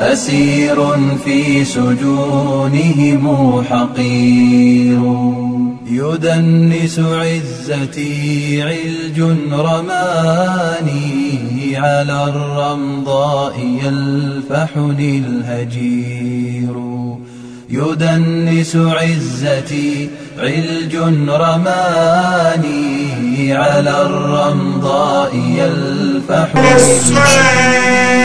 أسير في سجونهم حقير يدنس عزتي علج رماني على الرمضاء يلفحني الهجير يدنس عزتي علج رماني على الرمضاء يلفحني الهجير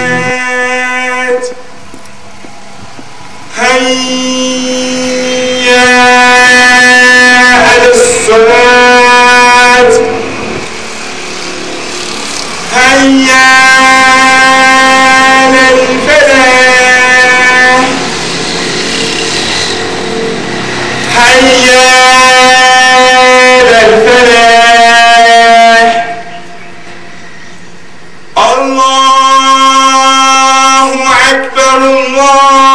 هيا على الصلاة هيا على الفلاح هيا على الفلاح الله أكبر الله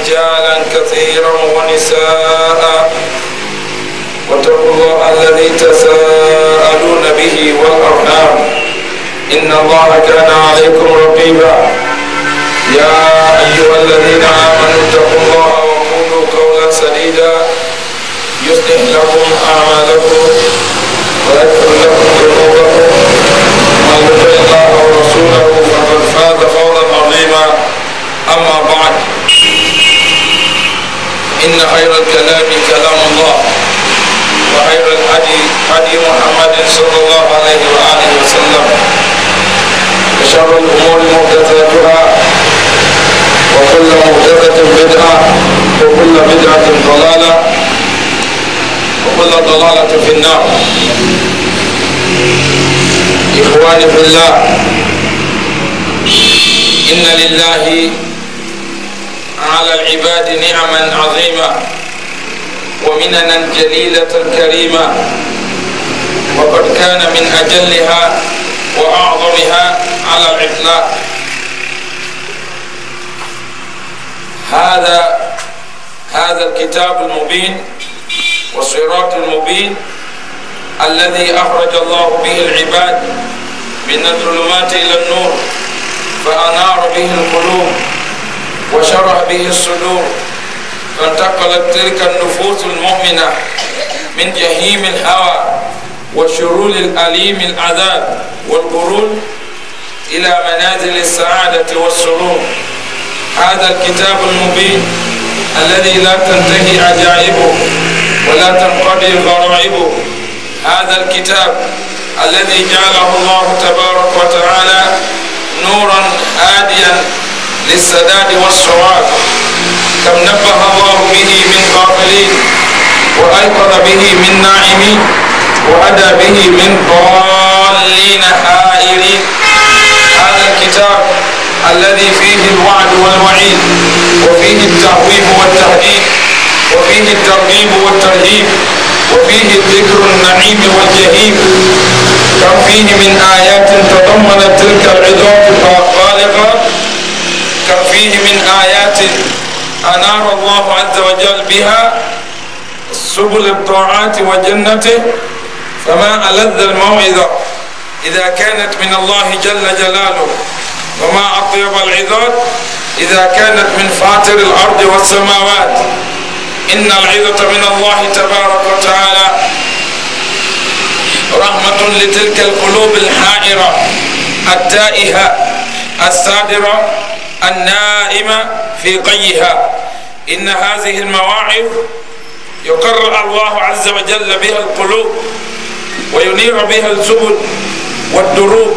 رجالا كثيرا ونساء واتقوا الله الذي تساءلون به والأرحام إن الله كان عليكم رقيبا يا أيها الذين آمنوا إن خير الكلام كلام الله وخير الهدي هدي محمد صلى الله عليه وآله وسلم وشر الأمور محدثاتها وكل محدثة بدعة وكل بدعة ضلالة وكل ضلالة في النار إخواني في الله إن لله على العباد نعما عظيما ومننا جليلة كريمة وقد كان من أجلها وأعظمها على الإطلاق هذا هذا الكتاب المبين والصراط المبين الذي أخرج الله به العباد من الظلمات إلى النور فأنار به القلوب وشرح به الصدور فانتقلت تلك النفوس المؤمنة من جهيم الهوى وشرور الأليم العذاب والقرون إلى منازل السعادة والسرور هذا الكتاب المبين الذي لا تنتهي عجائبه ولا تنقضي غرائبه هذا الكتاب الذي جعله الله تبارك وتعالى نورا هاديا للسداد والسعاد كم نبه الله به من غافلين وأيقظ به من ناعمين وأدى به من ضالين آئرين هذا الكتاب الذي فيه الوعد والوعيد وفيه التهويب والتهديد وفيه الترغيب والترهيب وفيه ذكر النعيم والجهيم كم فيه من آيات تضمنت تلك العظات الخالقة فيه من آيات أنار الله عز وجل بها سبل الطاعات وجنته فما ألذ الموعظة إذا كانت من الله جل جلاله وما أطيب العظات إذا كانت من فاتر الأرض والسماوات إن العظة من الله تبارك وتعالى رحمة لتلك القلوب الحائرة التائهة السادرة النائمة في قيها إن هذه المواعظ يقرر الله عز وجل بها القلوب وينير بها السبل والدروب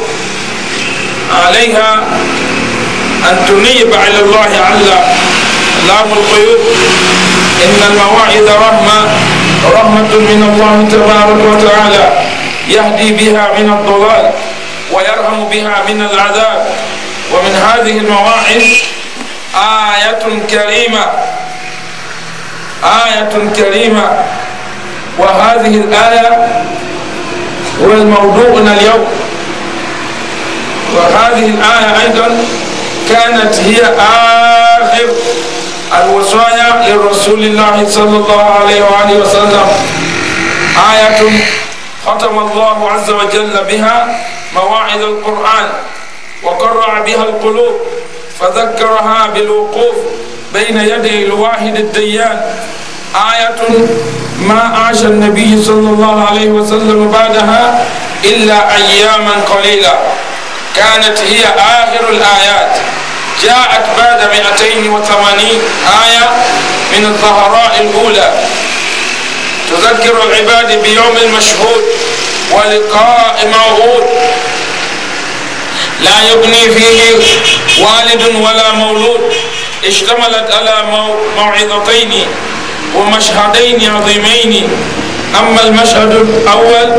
عليها أن تنيب على الله على لام القيود إن المواعظ رحمة رحمة من الله تبارك وتعالى يهدي بها من الضلال ويرهم بها من العذاب ومن هذه المواعظ آية كريمة آية كريمة وهذه الآية هو موضوعنا اليوم وهذه الآية أيضا كانت هي آخر الوصايا لرسول الله صلى الله عليه وآله وسلم آية ختم الله عز وجل بها مواعظ القرآن وقرع بها القلوب فذكرها بالوقوف بين يدي الواحد الديان آية ما عاش النبي صلى الله عليه وسلم بعدها إلا أياما قليلة كانت هي آخر الآيات جاءت بعد 280 آية من الظهراء الأولى تذكر العباد بيوم المشهود ولقاء موعود لا يبني فيه والد ولا مولود اشتملت على موعظتين ومشهدين عظيمين أما المشهد الأول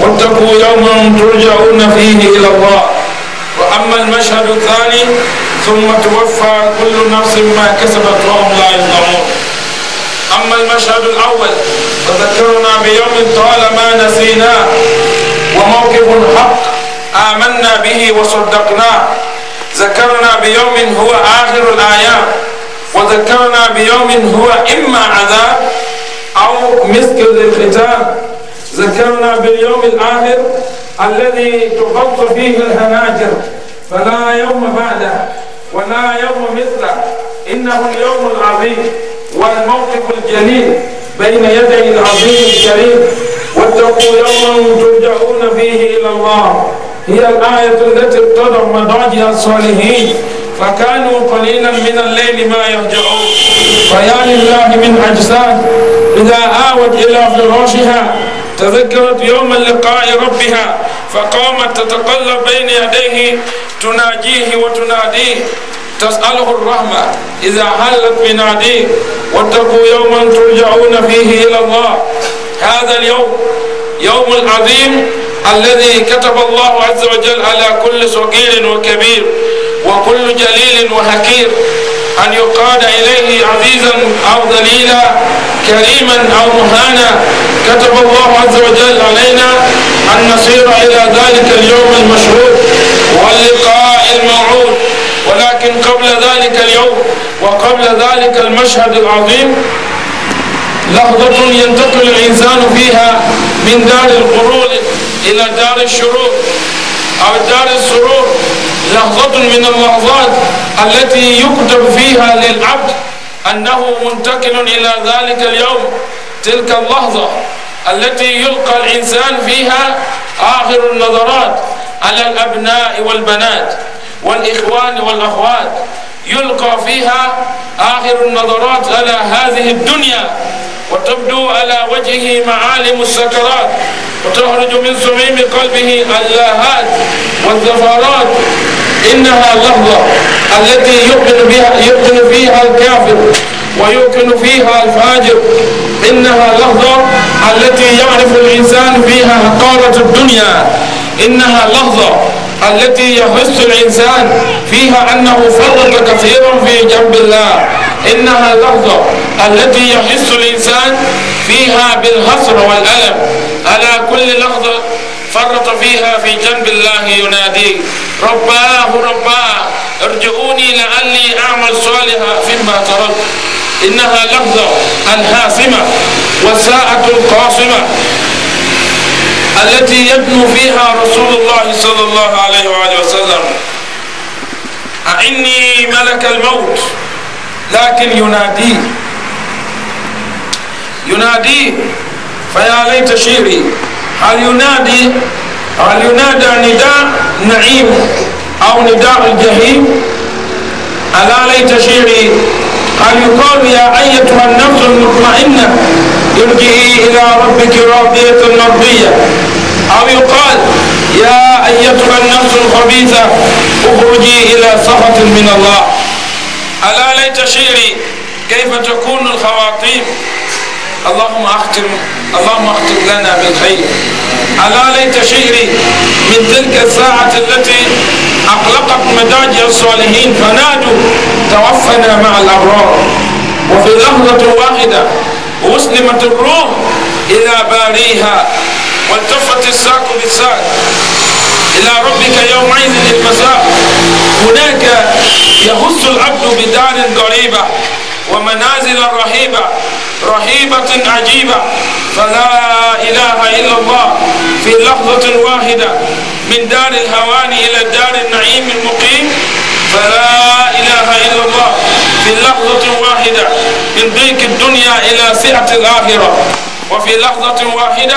واتقوا يوما ترجعون فيه إلى الله وأما المشهد الثاني ثم توفى كل نفس ما كسبت وهم لا يظلمون أما المشهد الأول فذكرنا بيوم طالما نسيناه وموقف حق آمنا به وصدقناه ذكرنا بيوم هو آخر الآيام وذكرنا بيوم هو إما عذاب أو مسك للختام ذكرنا باليوم الآخر الذي تغط فيه الهناجر فلا يوم بعده ولا يوم مثله إنه اليوم العظيم والموقف الجليل بين يدي العظيم الكريم واتقوا يوما ترجعون فيه إلى الله هي الآية التي ابتدع مضاجها الصالحين فكانوا قليلا من الليل ما يرجعون فيا لله من أجساد إذا آوت إلى فراشها تذكرت يوم اللقاء ربها فقامت تتقلب بين يديه تناجيه وتناديه تسأله الرحمة إذا حلت بناديه واتقوا يوما ترجعون فيه إلى الله هذا اليوم يوم عظيم الذي كتب الله عز وجل على كل صغير وكبير وكل جليل وحكير أن يقاد إليه عزيزا أو ذليلا كريما أو مهانا كتب الله عز وجل علينا أن نصير إلى ذلك اليوم المشهود واللقاء الموعود ولكن قبل ذلك اليوم وقبل ذلك المشهد العظيم لحظة ينتقل الإنسان فيها من دار الغرور إلى دار الشرور أو دار السرور لحظة من اللحظات التي يكتب فيها للعبد أنه منتقل إلى ذلك اليوم تلك اللحظة التي يلقى الإنسان فيها آخر النظرات على الأبناء والبنات والإخوان والأخوات يلقى فيها آخر النظرات على هذه الدنيا وتبدو على وجهه معالم السكرات وتخرج من صميم قلبه اللاهات والزفارات إنها لحظة التي يؤمن بها يقن فيها الكافر ويؤمن فيها الفاجر إنها لحظة التي يعرف الإنسان فيها حقارة الدنيا إنها لحظة التي يحس الإنسان فيها أنه فرط كثيرا في جنب الله إنها لحظة التي يحس الإنسان فيها بالهصر والألم على كل لحظة فرط فيها في جنب الله يناديه رباه رباه ارجعوني لعلي أعمل صالحا فيما تركت إنها لحظة الحاسمة والساعة القاصمة التي يبنو فيها رسول الله صلى الله عليه وآله وسلم أعني ملك الموت لكن يناديه ينادي فيا ليت شيري هل ينادي هل ينادى نداء نعيم أو نداء الجحيم ألا ليت شيري هل يقال يا أيتها النفس المطمئنة ارجعي إلى ربك راضية مرضية أو يقال يا أيتها النفس الخبيثة اخرجي إلى سخط من الله ألا ليت شيري كيف تكون الخواطيم اللهم اختم اللهم اختم لنا بالخير ألا ليت شعري من تلك الساعة التي أقلقت مداجع الصالحين فنادوا توفنا مع الأبرار وفي لحظة واحدة أسلمت الروح إلى باريها والتفت الساق بالساق إلى ربك يومئذ المساء هناك يهز العبد بدار قريبة ومنازل رهيبة رهيبة عجيبة فلا إله إلا الله في لحظة واحدة من دار الهوان إلى دار النعيم المقيم فلا إله إلا الله في لحظة واحدة من ضيق الدنيا إلى سعة الآخرة وفي لحظة واحدة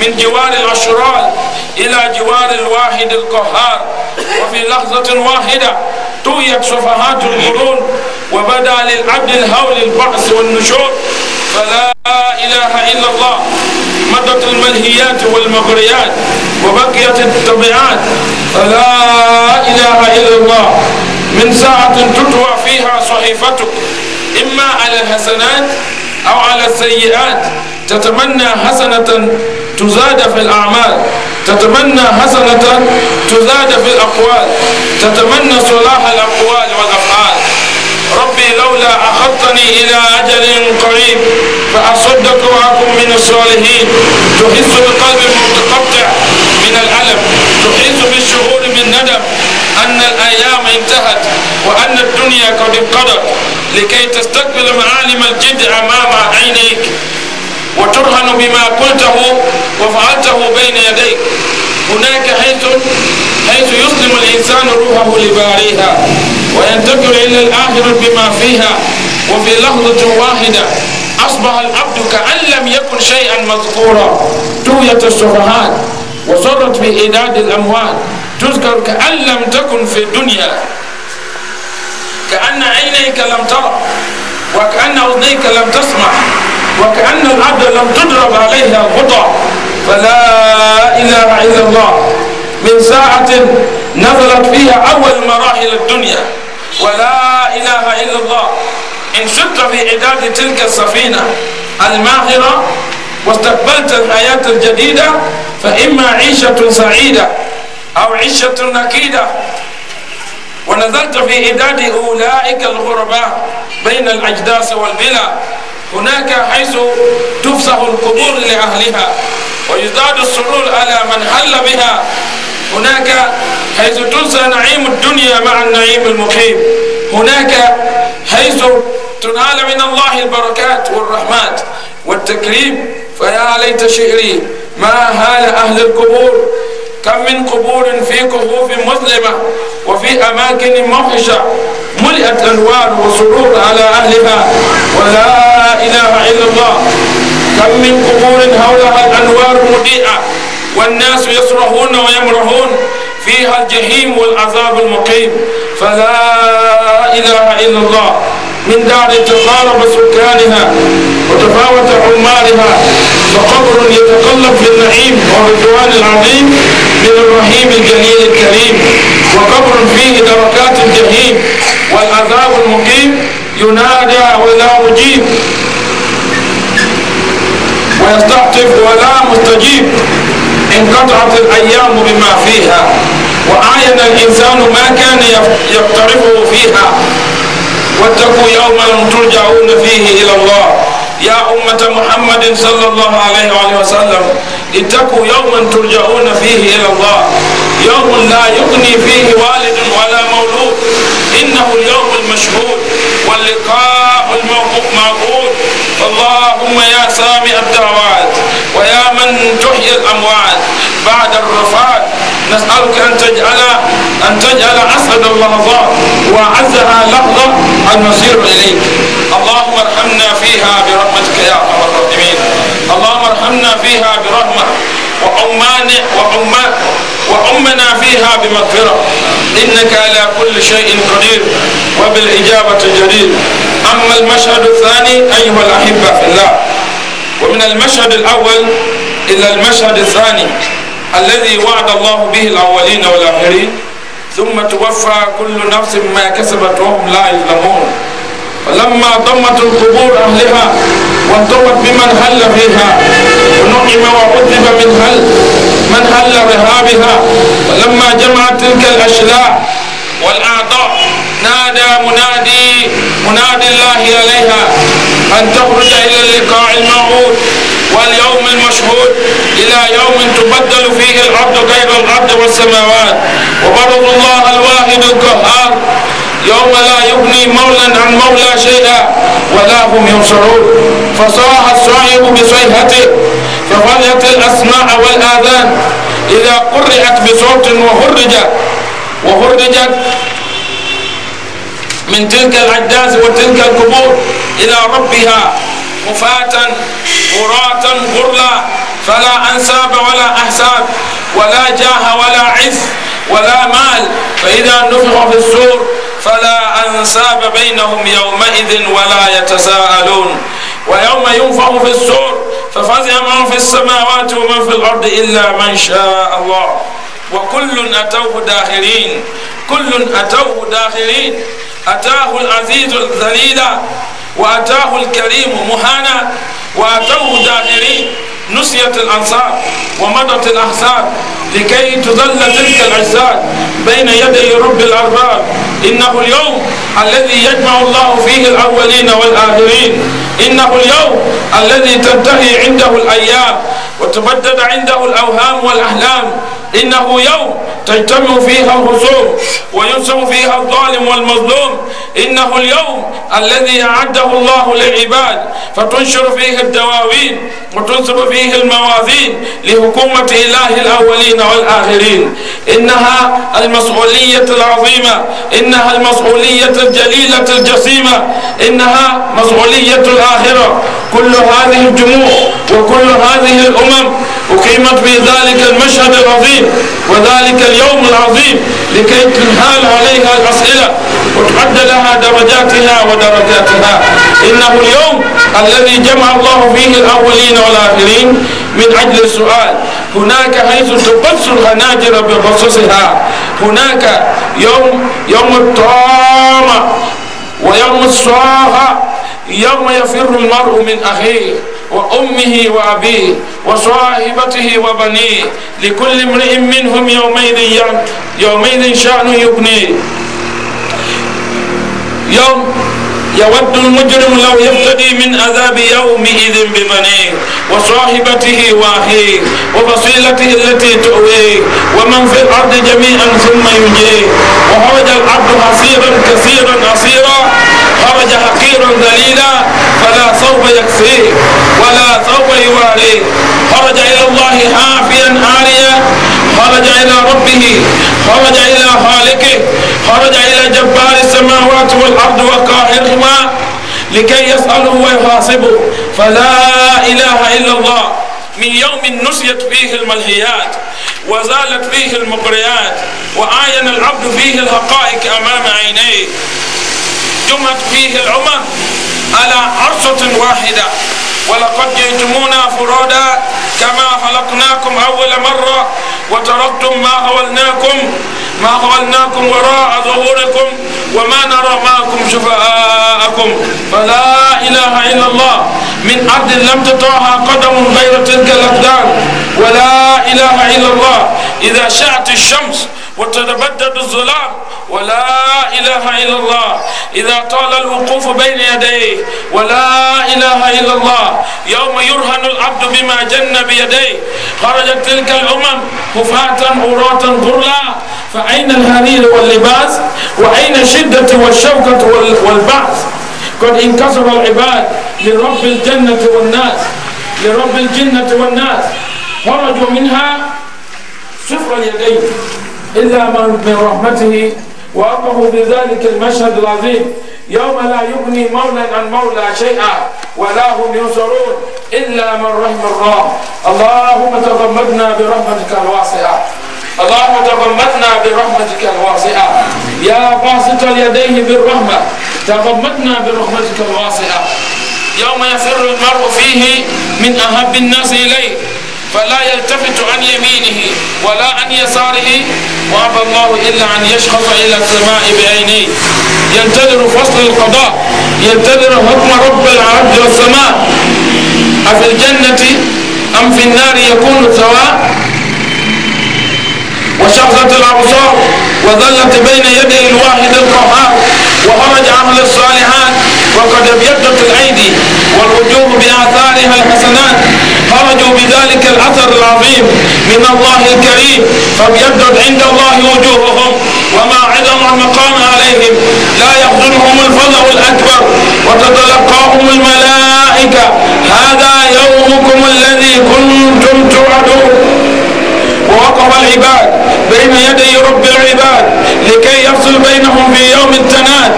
من جوار الأشرار إلى جوار الواحد القهار وفي لحظة واحدة تويت سفهات القرون وبدا للعبد الهول البعث والنشور فلا إله إلا الله مدت الملهيات والمغريات وبقيت الطبيعات فلا إله إلا الله من ساعة تتوى فيها صحيفتك إما على الحسنات أو على السيئات تتمنى حسنة تزاد في الأعمال تتمنى حسنة تزاد في الأقوال تتمنى صلاح الأقوال والأفعال لولا أخذتني إلى أجل قريب فأصدق وأكون من الصالحين تحس بقلب متقطع من الألم تحس بالشعور بالندم أن الأيام انتهت وأن الدنيا قد انقضت لكي تستقبل معالم الجد أمام عينيك وترهن بما قلته وفعلته بين يديك هناك حيث حيث يسلم الإنسان روحه لباريها وينتقل إلى الآخرة بما فيها وفي لحظة واحدة أصبح العبد كأن لم يكن شيئا مذكورا توية السفهاء وصرت في الأموال تذكر كأن لم تكن في الدنيا كأن عينيك لم ترى وكأن أذنيك لم تسمع وكأن العبد لم تضرب عليها غطى فلا إله إلا الله من ساعة نزلت فيها أول مراحل الدنيا ولا إله إلا الله إن شدت في إعداد تلك السفينة الماهرة واستقبلت الحياة الجديدة فإما عيشة سعيدة أو عيشة نكيدة ونزلت في إداد أولئك الغرباء بين الأجداس والبلا هناك حيث تفسح القبور لأهلها ويزداد السرور على من حل بها هناك حيث تنسى نعيم الدنيا مع النعيم المقيم هناك حيث تنال من الله البركات والرحمات والتكريم فيا ليت شعري ما هال أهل القبور كم من قبور في كهوف مظلمة وفي أماكن موحشة ملئت أنوار وسرور على أهلها ولا إله إلا الله كم من قبور حولها الأنوار مضيئة والناس يصرخون ويمرحون فيها الجحيم والعذاب المقيم فلا إله إلا الله من دار تقارب سكانها وتفاوت عمالها فقبر يتقلب في النعيم والرضوان العظيم من الرحيم الجليل الكريم وقبر فيه دركات الجحيم والعذاب المقيم ينادى ولا مجيب ويستعطف ولا مستجيب انقطعت الأيام بما فيها وأعين الإنسان ما كان يقترفه فيها واتقوا يوما ترجعون فيه إلى الله يا أمة محمد صلى الله عليه وآله وسلم اتقوا يوما ترجعون فيه إلى الله يوم لا يغني فيه والد ولا مولود إنه اليوم المشهود واللقاء المعقول اللهم يا سامع الدعوات ويا من تحيي الأموات عرفات نسألك أن تجعل أن تجعل أسعد اللحظات وأعزها لحظة نسير إليك اللهم ارحمنا فيها برحمتك يا أرحم الراحمين اللهم ارحمنا فيها برحمة وعمان وعمان وأمنا فيها بمغفرة إنك على كل شيء قدير وبالإجابة جدير أما المشهد الثاني أيها الأحبة في الله ومن المشهد الأول إلى المشهد الثاني الذي وعد الله به الأولين والآخرين ثم توفى كل نفس ما كسبت وهم لا يظلمون فلما ضمت القبور أهلها وانطوت بمن هل فيها ونعم وعذب من هل من هل رهابها فلما جمعت تلك الأشلاء والأعضاء نادى منادي منادي الله عليها أن تخرج إلى اللقاء الموعود واليوم المشهود إلى يوم تبدل فيه العبد غير الأرض والسماوات وبرز الله الواحد القهار يوم لا يغني مولى عن مولى شيئا ولا هم ينصرون فصاح الصاحب بصيحته ففرجت الأسماء والآذان إذا قرئت بصوت وهرجت وهرجت من تلك الأجداث وتلك القبور إلى ربها مفاة قراة غرلا فلا أنساب ولا أحساب ولا جاه ولا عز ولا مال فإذا نفخ في السور فلا أنساب بينهم يومئذ ولا يتساءلون ويوم ينفخ في السور ففزع من في السماوات ومن في الأرض إلا من شاء الله وكل أتوه داخلين كل أتوه داخلين أتاه العزيز الذليل وأتاه الكريم مهانا وأتوه داخلين نسيت الأنصار ومضت الأحزاب لكي تظل تلك الأجساد بين يدي رب الأرباب إنه اليوم الذي يجمع الله فيه الأولين والآخرين إنه اليوم الذي تنتهي عنده الأيام وتبدد عنده الأوهام والأحلام إنه يوم تجتمع فيها الخصوم وينصر فيها الظالم والمظلوم إنه اليوم الذي أعده الله للعباد فتنشر فيه الدواوين وتنصب فيه الموازين لحكومة إله الأولين والآخرين إنها المسؤولية العظيمة إنها المسؤولية الجليلة الجسيمة إنها مسؤولية الآخرة كل هذه الجموع وكل هذه الأمم أقيمت في ذلك المشهد العظيم وذلك اليوم اليوم العظيم لكي تنهال عليها الأسئلة وتعد لها درجاتها ودرجاتها إنه اليوم الذي جمع الله فيه الأولين والآخرين من أجل السؤال هناك حيث تبث الخناجر بقصصها هناك يوم يوم الطامة ويوم الصاخة يوم يفر المرء من أخيه وأمه وأبيه وصاحبته وبنيه لكل امرئ منهم يومئذ يومئذ شأن يبنيه يوم يود المجرم لو يفتدي من عذاب يومئذ ببنيه وصاحبته واخيه وفصيلته التي تؤويه ومن في الارض جميعا ثم ينجيه وخرج العبد حصيرا كثيرا عصيرا خرج حقيرا ذليلا فلا سوف يكفيه على ثوبه وعليه خرج إلى الله حافيا عاريا خرج إلى ربه خرج إلى خالقه خرج إلى جبار السماوات والأرض وقاهرهما لكي يسأله ويحاسبه فلا إله إلا الله من يوم نسيت فيه الملهيات وزالت فيه المقريات وعاين العبد فيه الحقائق أمام عينيه جمت فيه العمر على عرصة واحدة ولقد جئتمونا فرادا كما خلقناكم أول مرة وتركتم ما خولناكم ما خولناكم وراء ظهوركم وما نرى معكم شفاءكم فلا إله إلا الله من أرض لم تطعها قدم غير تلك الأقدام ولا إله إلا الله إذا شعت الشمس وتتبدد الظلام ولا إله إلا الله إذا طال الوقوف بين يديه ولا إله إلا الله يوم يرهن العبد بما جن بيديه خرجت تلك الأمم هفاة عراة غرلا فأين الهرير واللباس وأين الشدة والشوكة والبعث قد انكسر العباد لرب الجنة والناس لرب الجنة والناس خرجوا منها سفر اليدين إلا من من رحمته وأمه بذلك المشهد العظيم يوم لا يغني مولى عن مولى شيئا ولا هم ينصرون إلا من رحم الله اللهم تغمدنا برحمتك الواسعة اللهم تغمدنا برحمتك الواسعة يا باسط اليدين بالرحمة تغمدنا برحمتك الواسعة يوم يفر المرء فيه من أحب الناس إليه فلا يلتفت عن يمينه ولا عن يساره وابى الله إلا أن يشخص إلى السماء بعينيه ينتظر فصل القضاء ينتظر حكم رب العرب والسماء أفي الجنة أم في النار يكون سواء وشخصت الأبصار وظلت بين يدي الواحد القهار وخرج أهل الصالحات وقد ابيضت الأيدي والوجوه بآثارها الحسنات خرجوا العظيم من الله الكريم فليبدد عند الله وجوههم وما عظم مقام عليهم لا يخذلهم الفضل الأكبر وتتلقاهم الملائكة هذا يومكم الذي كنتم توعدون ووقف العباد بين يدي لكي يفصل بينهم في يوم التناد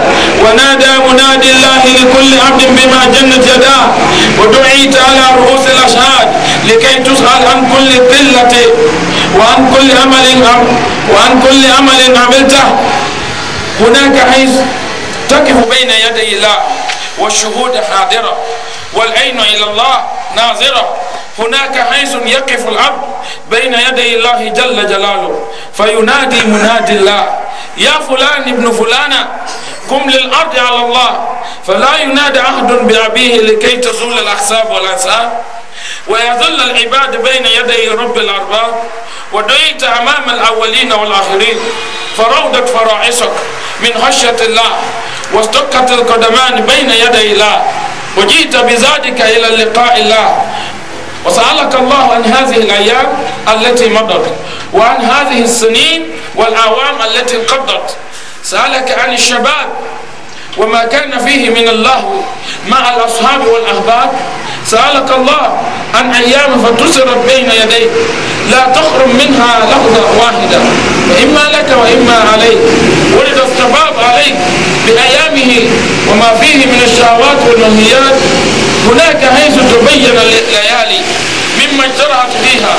ونادى منادي الله لكل عبد بما جنت يداه ودعيت على رؤوس الأشهاد لكي تسأل عن كل قلة وعن كل عمل وعن كل عمل عملته هناك حيث تقف بين يدي الله والشهود حاضرة والعين إلى الله ناظرة هناك حيث يقف العبد بين يدي الله جل جلاله فينادي منادي الله يا فلان ابن فلانة قم للأرض على الله فلا ينادى أحد بأبيه لكي تزول الأحساب والأنساب ويظل العباد بين يدي رب الأرباب ودعيت أمام الأولين والآخرين فروضت فرائصك من خشية الله واستقت القدمان بين يدي الله وجئت بذلك إلى اللقاء الله وسألك الله عن هذه الأيام التي مضت وعن هذه السنين والأعوام التي انقضت سألك عن الشباب وما كان فيه من اللهو مع الأصحاب والأحباب سألك الله عن أيام فتسرت بين يديك لا تخرم منها لحظة واحدة فإما لك وإما عليك ولد الشباب عليك بأيامه وما فيه من الشهوات والمهيات هناك حيث تبين الليالي مما اجترعت فيها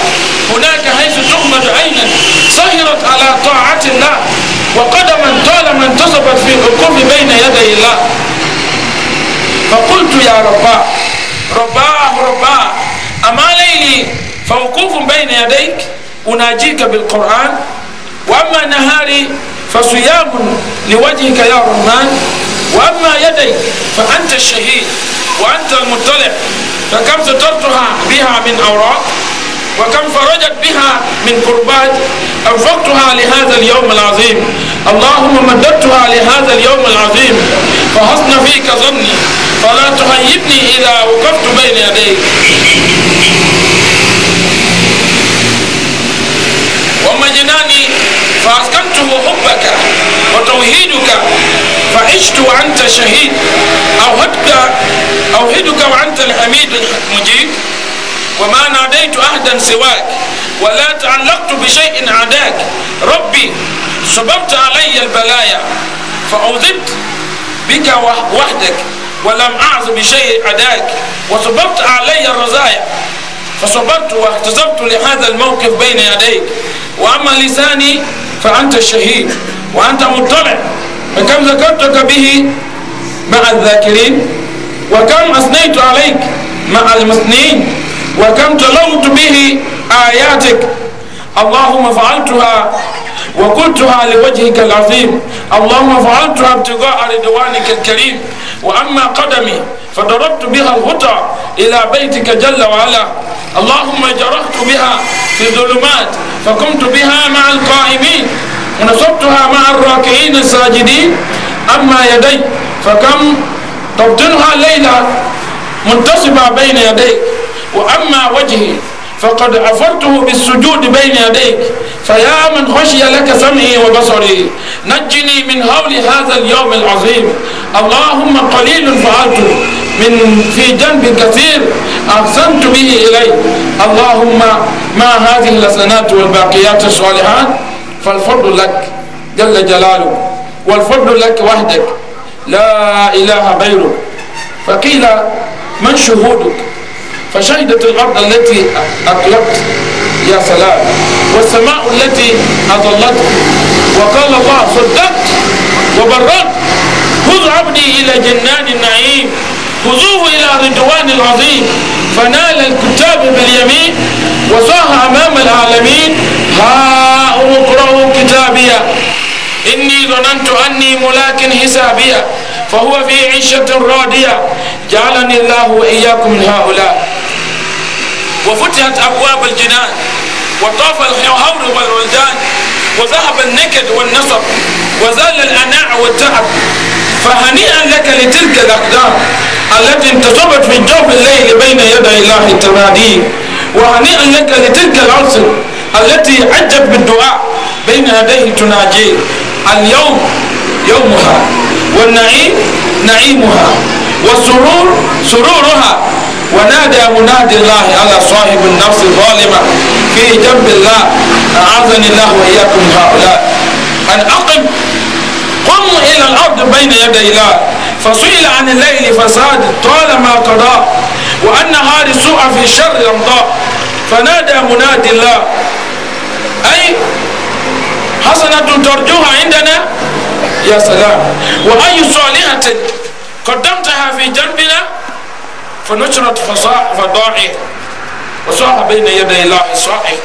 هناك حيث تغمد عينا سهرت على طاعة الله وقدما طالما انتصبت في الوقوف بين يدي الله فقلت يا رباه رباه رباه أما ليلي فوقوف بين يديك أناجيك بالقرآن وأما نهاري فصيام لوجهك يا رحمن وأما يدي فأنت الشهيد وأنت المطلع فكم سترتها بها من أوراق وكم فرجت بها من قربات أنفقتها لهذا اليوم العظيم اللهم مددتها لهذا اليوم العظيم فحسن فيك ظني فلا تهيبني إذا وقفت بين يديك ومجناني فأسكنته حبك وتوحيدك فعشت وأنت شهيد أوهدك أوهدك وأنت الحميد المجيد وما ناديت أحدا سواك ولا تعلقت بشيء عداك ربي صببت علي البلايا فأوذبت بك وحدك ولم أعز بشيء عداك وصببت علي الرزايا فصبرت واحتسبت لهذا الموقف بين يديك وأما لساني فأنت الشهيد وأنت مطلع فكم ذكرتك به مع الذاكرين وكم أثنيت عليك مع المثنين وكم تلوت به آياتك اللهم فعلتها وقلتها لوجهك العظيم اللهم فعلتها ابتغاء رضوانك الكريم وأما قدمي فضربت بها الغطى إلى بيتك جل وعلا اللهم جرحت بها في الظلمات فقمت بها مع القائمين ونصبتها مع الراكعين الساجدين أما يدي فكم تبطنها ليلة منتصبة بين يديك وأما وجهي فقد أفرته بالسجود بين يديك فيا من خشي لك سمعي وبصري نجني من هول هذا اليوم العظيم اللهم قليل فعلت من في جنب كثير أحسنت به إليك اللهم مع هذه الحسنات والباقيات الصالحات فالفضل لك جل جلاله والفضل لك وحدك لا إله غيرك فقيل من شهودك فشهدت الأرض التي أطلقت يا سلام والسماء التي أضلت وقال الله صدقت وبرقت خذ عبدي إلى جنان النعيم خذوه إلى رضوان العظيم فنال الكتاب باليمين وصاح أمام العالمين ها اقرأوا كتابيا إني ظننت أني ملاك حسابيا فهو في عيشة راضية جعلني الله وإياكم من هؤلاء وفتحت أبواب الجنان وطاف الحور والولدان وذهب النكد والنصب وزال الأناع والتعب فهنيئا لك لتلك الأقدام التي انتصبت في جوف الليل بين يدي الله التمادي وهنيئا لك لتلك العصر التي عجت بالدعاء بين يديه تناجيه اليوم يومها والنعيم نعيمها والسرور سرورها ونادى منادي الله على صاحب النفس الظالمة في جنب الله أعاذني الله وإياكم هؤلاء أن أقم قم إلى الأرض بين يدي الله فسئل عن الليل فساد طالما قضى نهار سوء في الشر يمضى فنادى منادي الله أي حسنة ترجوها عندنا يا سلام وأي صالحة قدمتها في جنبنا فنشرت فضائه وصاح بين يدي الله صائح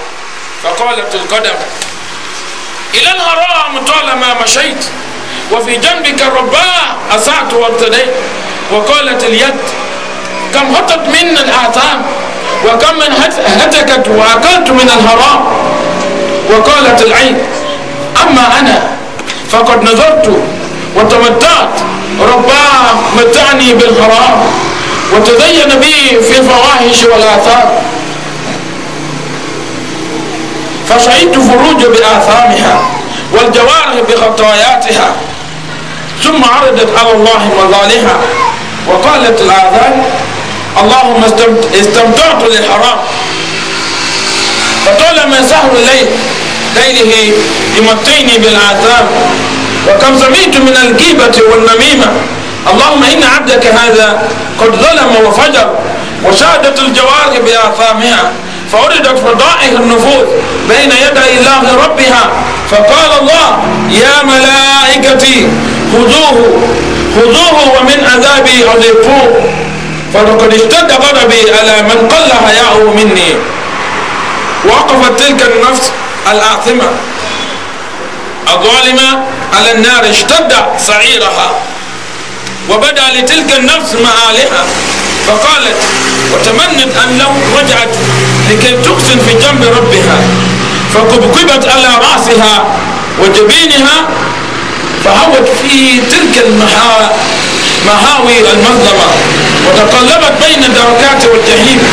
فقالت القدم إلى الغرام طالما مشيت وفي جنبك رباه أسعت وارتديت وقالت اليد كم هطت من الآثام وكم من هتكت وأكلت من الحرام وقالت العين أما أنا فقد نذرت وتمتعت رباه متعني بالحرام وتدين به في الفواحش والآثار فشهدت فروج بآثامها والجوارح بخطاياتها ثم عرضت على الله مظالها وقالت الآذان اللهم استمتعت للحرام فطالما سهر الليل ليله يمتعني بالآثام وكم سمعت من الجيبة والنميمة اللهم إن عبدك هذا قد ظلم وفجر وشادت الجوارح بآثامها فوردت فضائح النفوس بين يدي الله ربها فقال الله يا ملائكتي خذوه خذوه ومن عذابي أذقوه فلقد اشتد غضبي على من قل حياؤه مني وقفت تلك النفس الآثمة الظالمة على النار اشتد سعيرها وبدا لتلك النفس مآلها فقالت وتمنت أن لو رجعت لكي تقسم في جنب ربها فقبقبت على رأسها وجبينها فهوت في تلك المحا... محاوي المظلمة وتقلبت بين الدركات والجحيم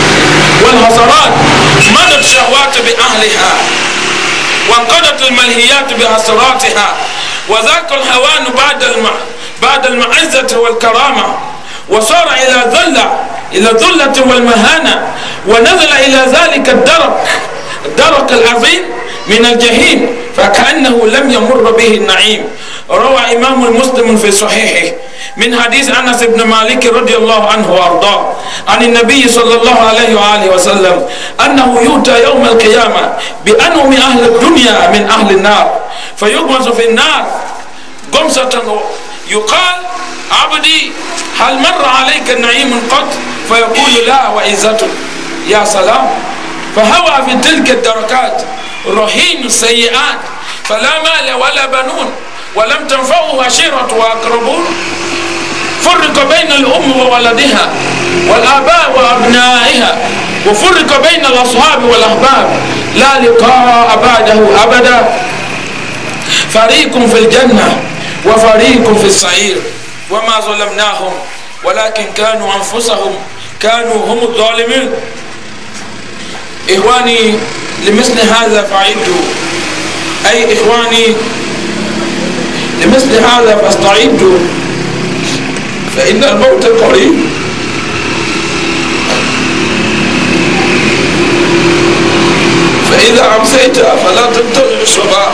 والحصرات ملت شهوات بأهلها وانقضت الملهيات بأسراتها وذاك الهوان بعد المحر بعد المعزة والكرامة وصار إلى ذلة إلى ذلة والمهانة ونزل إلى ذلك الدرك الدرك العظيم من الجحيم فكأنه لم يمر به النعيم روى إمام مسلم في صحيحه من حديث أنس بن مالك رضي الله عنه وأرضاه عن النبي صلى الله عليه وآله وسلم أنه يؤتى يوم القيامة بأنهم أهل الدنيا من أهل النار فيغمس في النار غمسة يقال عبدي هل مر عليك النعيم قط فيقول لا وعزته يا سلام فهوى في تلك الدركات رهين السيئات فلا مال ولا بنون ولم تنفعه عشيرة وأقربون فرق بين الأم وولدها والآباء وأبنائها وفرق بين الأصحاب والأحباب لا لقاء بعده أبدا فريق في الجنة وفريق في السعير وما ظلمناهم ولكن كانوا أنفسهم كانوا هم الظالمين إخواني لمثل هذا فاعدوا أي إخواني لمثل هذا فاستعدوا فإن الموت قريب فإذا أمسيت فلا تنتظر الصباح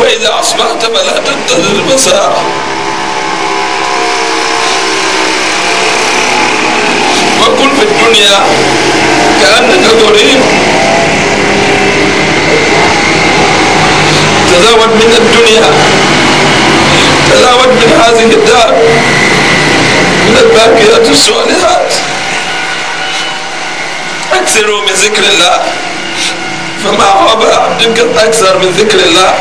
وإذا أصبحت فلا تنتظر المساء وكن في الدنيا كأنك تريد تزود من الدنيا تزود من هذه الدار من الباقيات الصالحات أكثروا من ذكر الله فما هو عبدك أكثر من ذكر الله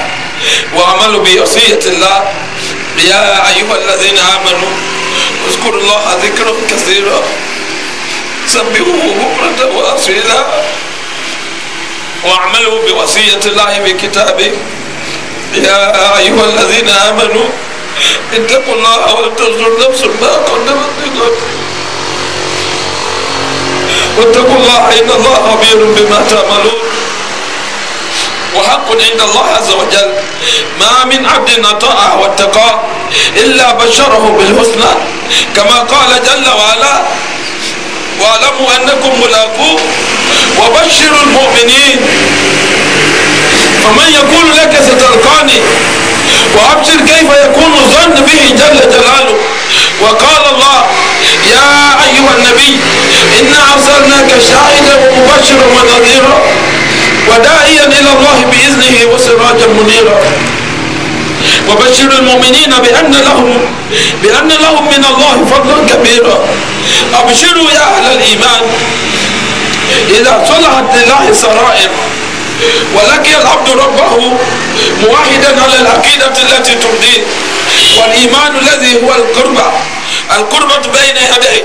وعملوا بوصية الله يا أيها الذين آمنوا اذكروا الله ذكرا كثيرا سبحوه بكرة وأصيلا واعملوا بوصية الله بكتابه يا أيها الذين آمنوا اتقوا الله ولتنظر نفس ما قدمت لكم واتقوا الله إن الله خبير بما تعملون وحق عند الله عز وجل ما من عبد اطاع واتقى إلا بشره بالحسنى كما قال جل وعلا واعلموا أنكم ملاقوه وبشروا المؤمنين فمن يقول لك ستلقاني وأبشر كيف يكون الظن به جل جلاله وقال الله يا أيها النبي إنا أرسلناك شاهدا ومبشرا ونذيرا وداعيا إلى الله بإذنه وسراجا منيرا وبشر المؤمنين بأن لهم بأن لهم من الله فضلا كبيرا أبشروا يا أهل الإيمان إذا صلحت لله سرائر ولقي العبد ربه موحدا على العقيدة التي ترضيه والإيمان الذي هو القربة القربة بين يديه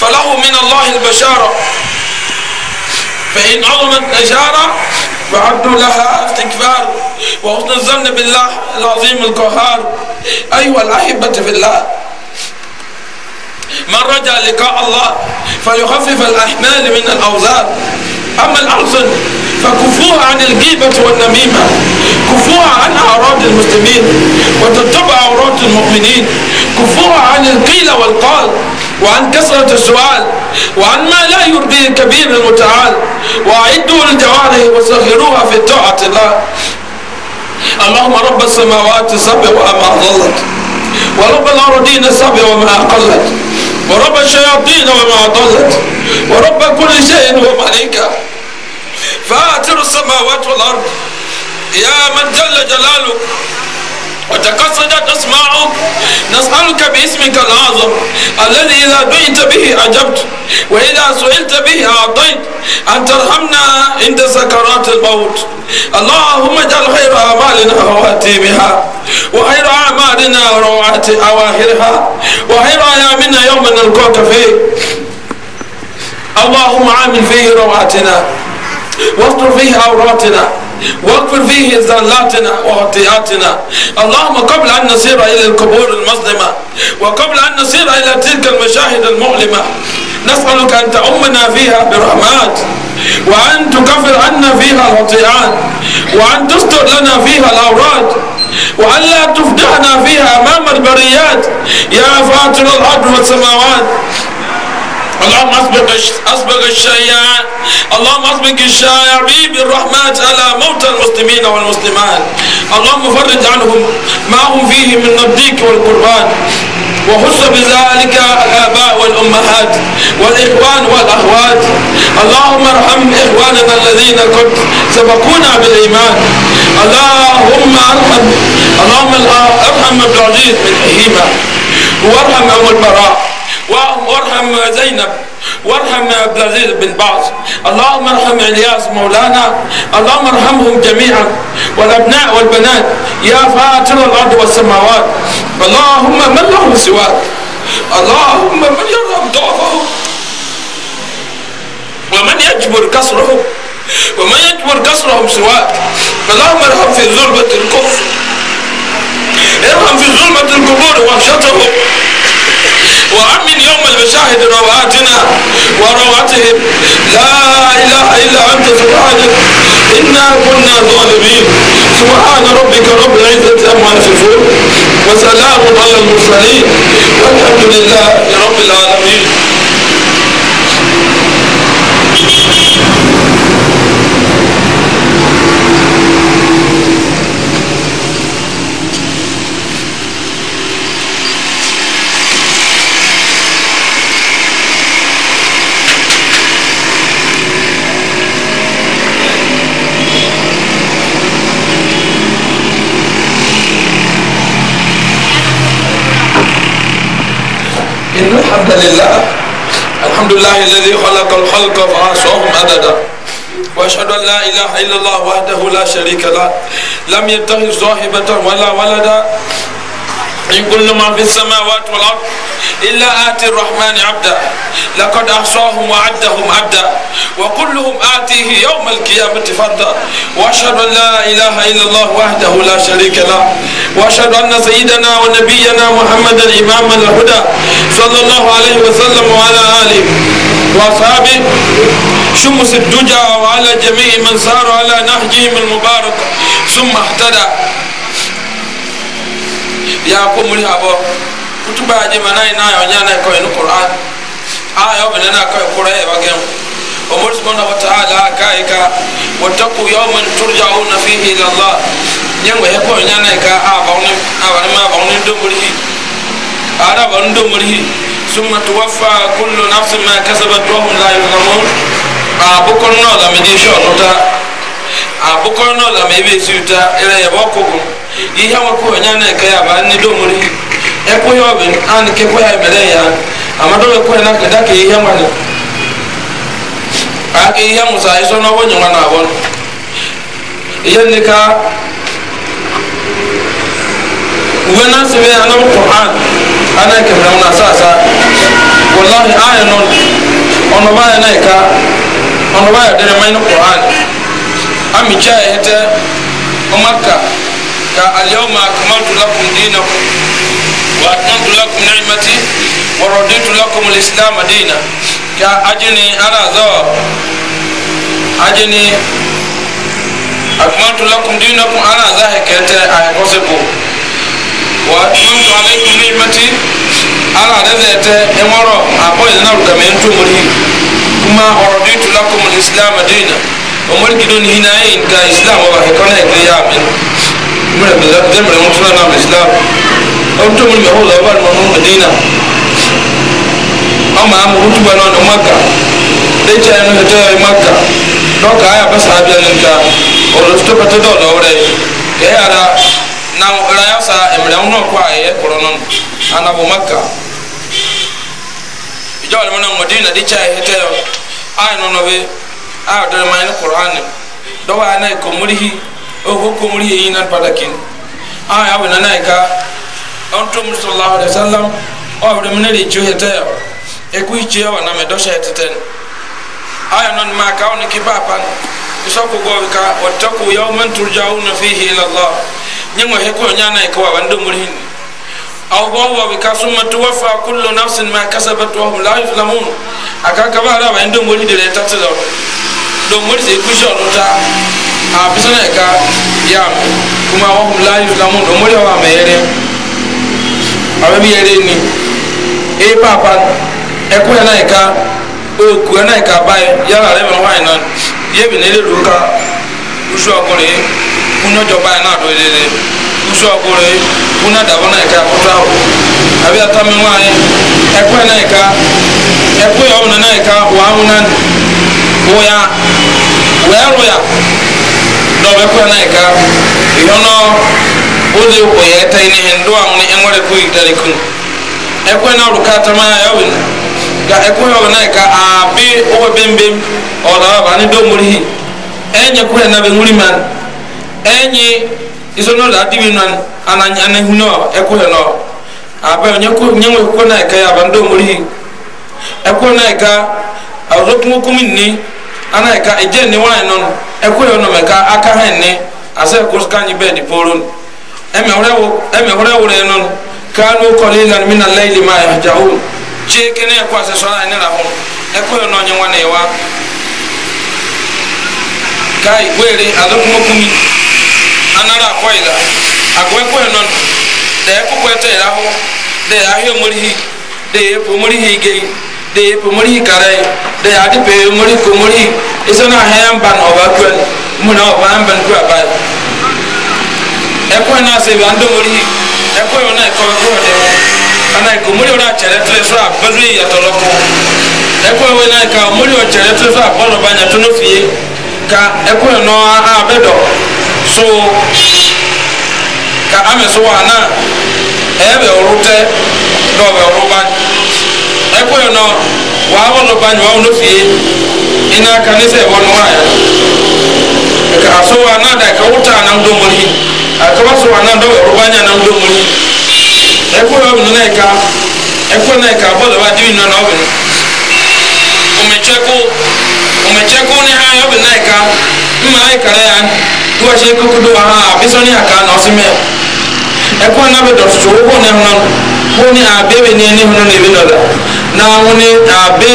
فله من الله البشارة فإن عظمت نجارة فعدوا لها استكبار وحسن الظن بالله العظيم القهار أيها الأحبة في الله من رجع لقاء الله فيخفف الأحمال من الأوزار أما الأحزن فكفوها عن الجيبة والنميمة كفوها عن أعراض المسلمين وتتبع أعراض المؤمنين كفوها عن القيل والقال وعن كثرة السؤال وعن ما لا يرضيه الكبير المتعال وأعدوا للجوارح وسخروها في طاعة الله اللهم رب السماوات سبع وما ظلت ورب الأرضين سبع وما أقلت ورب الشياطين وما ضلت ورب كل شيء ومليكه فاتر السماوات والأرض يا من جل جلاله وتقصدت اسمعه نسألك باسمك الأعظم الذي إذا دعيت به أجبت وإذا سئلت به أعطيت أن ترحمنا عند سكرات الموت اللهم اجعل خير أعمالنا بها وخير أعمالنا روعات أواخرها وخير أيامنا يوم نلقاك فيه اللهم عامل فيه رواتنا واستر فيه أوراتنا واغفر فيه زلاتنا وخطيئاتنا اللهم قبل أن نصير إلى القبور المظلمة وقبل أن نصير إلى تلك المشاهد المؤلمة نسألك أن تؤمنا فيها برحمات وأن تكفر عنا فيها الخطيئات وأن تستر لنا فيها الأوراد وألا تفدحنا فيها أمام البريات يا فاطر الأرض والسماوات اللهم اسبق اسبق الشيع اللهم اسبق الشايعين بالرحمات على موتى المسلمين والمسلمات اللهم فرج عنهم ما هم فيه من الضيق والقربان وخص بذلك الآباء والأمهات والإخوان والأخوات اللهم ارحم إخواننا الذين قد سبقونا بالإيمان اللهم ارحم اللهم ارحم عبد العزيز من هيمة وارحم أبو البراء وارحم زينب وارحم عبد العزيز بن باز اللهم ارحم الياس مولانا اللهم ارحمهم جميعا والابناء والبنات يا فاتر الارض والسماوات اللهم من له سواك اللهم من يرغب ضعفه ومن يجبر كسره ومن يجبر كسرهم سواك اللهم ارحم في ظلمة الكفر ارحم في ظلمة القبور وحشتهم وأمن يوم المشاهد رواتنا ورواتهم لا إله إلا أنت سبحانك إنا كنا ظالمين سبحان ربك رب العزة أما يصفون وسلام على المرسلين والحمد لله رب العالمين لله الحمد لله الذي خلق الخلق فأعصاهم عددا وأشهد أن لا إله إلا الله وحده لا شريك له لم يتخذ صاحبة ولا ولدا إن كل ما في السماوات والأرض إلا آتي الرحمن عبدا لقد أحصاهم وعدهم عدا وكلهم آتيه يوم القيامة فردا وأشهد أن لا إله إلا الله وحده لا شريك له وأشهد أن سيدنا ونبينا محمدا الامام الهدى صلى الله عليه وسلم وعلى آله وأصحابه شمس الدجى وعلى جميع من صار على نهجهم المبارك ثم اهتدى يا قوم لي أبو kutuba aje manai nayo nyana ko القرآن Qur'an ayo bena ko القرآن e bagem ومر سبحانه وتعالى كايكا واتقوا يوم ترجعون فيه الى الله ينوي هكو نانا كا ابا ابا ما ابا دوبري Ada ndo murihi summa tuwaffa kullu nafsin ma kasabat wa hum la yuzlamun a ah, bukon no da amị sho nota a ah, bukon no da mi be suta ila ya bokugo yi ha ko nya na ka ya ba ni do e ko yo be an ke ko ya mere ya amado ko na ka da ke ihe ha mane a ah, ke yi ha musa iso no bo na bon ka wena ana kemre na sasa wallahi aya non ono baya na ka ono baya dere mai qur'an ami cha hete makka ka al yawma akmaltu lakum dinakum wa atmamtu lakum ni'mati wa raditu lakum al islam dinan ka ajini ara zo ajini akmaltu lakum dinakum ara zahikete ay kosebo wa atmamtu alaykum ni'mati ala dazete enwaro apo ina rukame ntu muri kuma o lakum alislam dina omuri kidoni hina yin ka islam wa hekona ikri ya min mura bi zat demre mutuna na islam ontu muri mehola wa no medina ama amu hutuba no no makka de cha no hete makka doka aya basabiya ninka odo tutopata do do ore ke ara na raya sa emre uno kwa ye koronon ana bo makka ijo wala mana modina di cha hete yo ay no no be ay do ma ni qur'an do wa na ko murihi o ko ko murihi ina padakin ay abana na ka onto sallallahu alaihi wasallam o do mana ri jo hete yo e ku ichi yo na me do sha hete ten ay non ma ka on ki papa isaku gobe ka wattaku yawman turja'una fihi ila Allah nyingo heko nyana e ko wando murhin aw bo bo be summa tuwaffa kullu nafsin ma kasabat wa hum la yuzlamun aka ka ba ra wando murhi de ta ta do murhi se kusho no ta a bisana e ka ya kuma wa hum la yuzlamun do murhi wa me yere abe bi yere ni e papa e ko na e ka o ku na e ka ba ya la le wa ina yebi ne lelu ka usu ɔkuri kunu dzɔgba yi naa do lele usu ɔkuri kunu adabɔ naa yi ka kutu awo abi atami wa yi ɛkuyɛ naa yi ka ɛkuyɛ ɔwuna naa yi ka wa awuna wuya wɛruya dɔbɛ kuyɛ naa yi ka yɔnɔ odi oyɛ ɛtɛ yi ni hindu amu ni ɛŋɔri kuyi dari kun ɛkuyɛ naa ruka atama yɛ ɔwina. ga ekuyɔlɔ na ka a be ɔbɛ bembem do na be ŋuri man ɛnyɛ isono la dibi nan ana ana huno ekuhɛ nɔ abɛ nyɛ ku nyɛ ŋu ku nɛ ka yaba do murihi ɛku na ka ɔzɔ kuŋo kumi ni ana ka ɛdze ni wa nɔ ɛkuhɛ aka hɛ ni asɛ kusi di wo wo kanu tse na ɛkɔ asɛ sɔ na la ho ɛkɔ e yɛ n'ɔnyɛ wani wa kai wele alo kuma anara na yi la akɔ ɛkɔ yɛ n'ɔnu dɛ ɛkɔkɔ ɛtɔ yi la epo ge epo kara adi pe mori ko mori na ahɛ yɛn ba na mu na e ba e na ana ko muri ora chere tre so a bazu ya to loko e ko we ka muri o chere tre so a bono banya to no fie ka e no a bedo so ka ame so wa na e be orute do be oruba e ko no wa bono banya wa no fie ina kanisa e wono wa ya ka ah, so wa na da ka wuta nan do muri aka so wa nan do rubanya nan do muri e ko yo no na ka e ko na ka bo da ba di no na obi umecheko umecheko ni ha yo na ka ma e kare ya do a sheko ku do ha bi so ni aka na osime e ko na be do so wo ne hono ko ni abebe ni ni hono ni bi no da na woni abe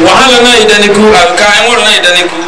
wahala na idaniku alka e ngor na idaniku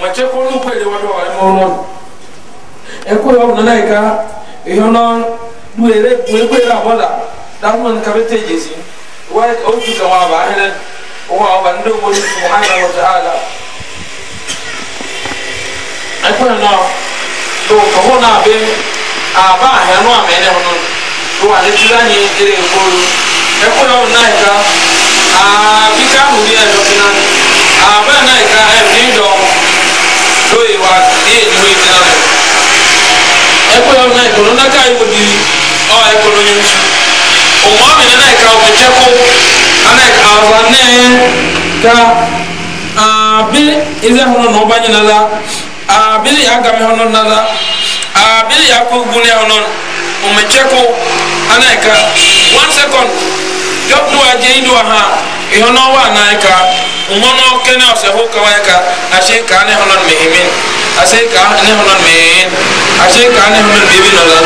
mace ko nu kwele wado wa mo no e ko yo na nai ka e yo no du ere ku ko era bola da mun ka bete jesi wa o tu ka wa ba hele wa wa ndo mo subhanahu wa ta'ala e ko na do ko ho na be a ba he no a me ne ho no do wa le tira ni ere ko e ko yo na ka a bi ka mu ni e do kinan a ba na ka e ni do lóye wa ní èdè wo na náà ẹkọ yọ náà ìkọlọ náà ká ìwò di ọ ẹkọlọ yẹn tu ọmọ mi náà ẹka ọmọ ìjẹkọ ana ẹka àwọn náà ká abili na hàn náà la na la ana ka one second ihono wa naika umono kene ose ho kawaika ashe ka ne honon mehimin ashe ka ne honon mehin ashe ka ne honon bibi no la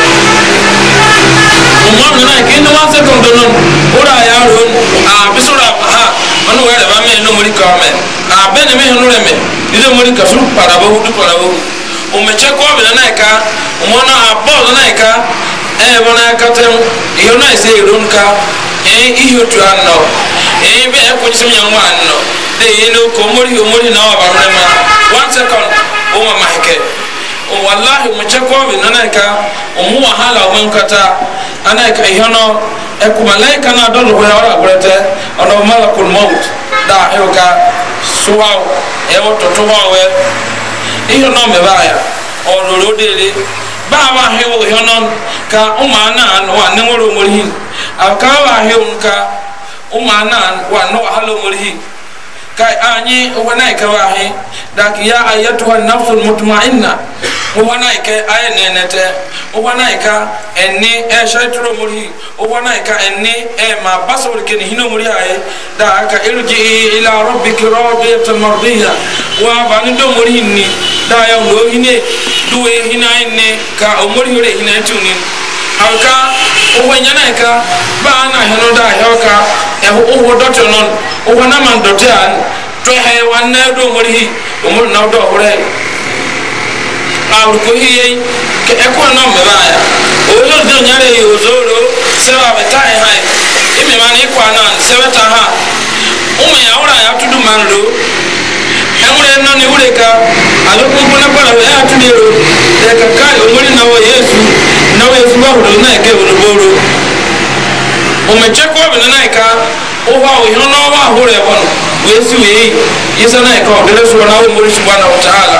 umon na ke no wase kon donon ora ya ron a bisura ha onu were ba me no muri ka me a bene me hono re me ile muri ka su para bo hudu para bo umeche ko be naika umono a bo naika ɛbɔn akatɛm ihe no ayɛ sɛ ɛrom ka ɛn ihe otu anọ ɛn bɛ ɛkɔkyerɛ nyɛ ho anọ dɛ ihe no oke omori omori na ɔba mmerɛ ma one second ɔmo ma wallahi mu kyɛ na n'ayɛ ka wahala nkata anayɛ ihe no ɛkumalayɛ e, na adɔdɔ hɔ ya ɔra aborɛtɛ ɔnɔ da e, ka ihe ɔrɔrɔ dele baa waa hewo hɔnɔn ka umaa naan waa niŋoro morihin a kaa waa hewo ka umaa naan waa nɔɔ halo morihin ka anyi wanai ka waa he dak ya ayatuha nafsul mutma'inna wanai ka aye nenete wanai ka enni e shaitro morihin wanai ka enni e ma basawol ken hino morihaye da ka irji ila rabbika radiyatan mardiya wa ba ni do mori hinni da ya lo hine duwe hina inne ka o mori hore hina tuni alka o wa nyana e ka ba na hino da ya ka e ho o do to non o wa na man do te to he wa na do mori hi o mori na do hore alko hi ye ke e ko na me ba ya o yo do nyare yo zo ro se ba beta e hai e. ma ni kwa na se beta ha o me ya ora ya tudu man lo yamure na ni ureka aluku kuna kwa ya atuliro ka kai umuri na wa yesu na wa yesu bahudo na eke uluboro umechekwa bina na eka uwa uhiyo na wa hure bono wesi yisa na eka odele na umuri ta'ala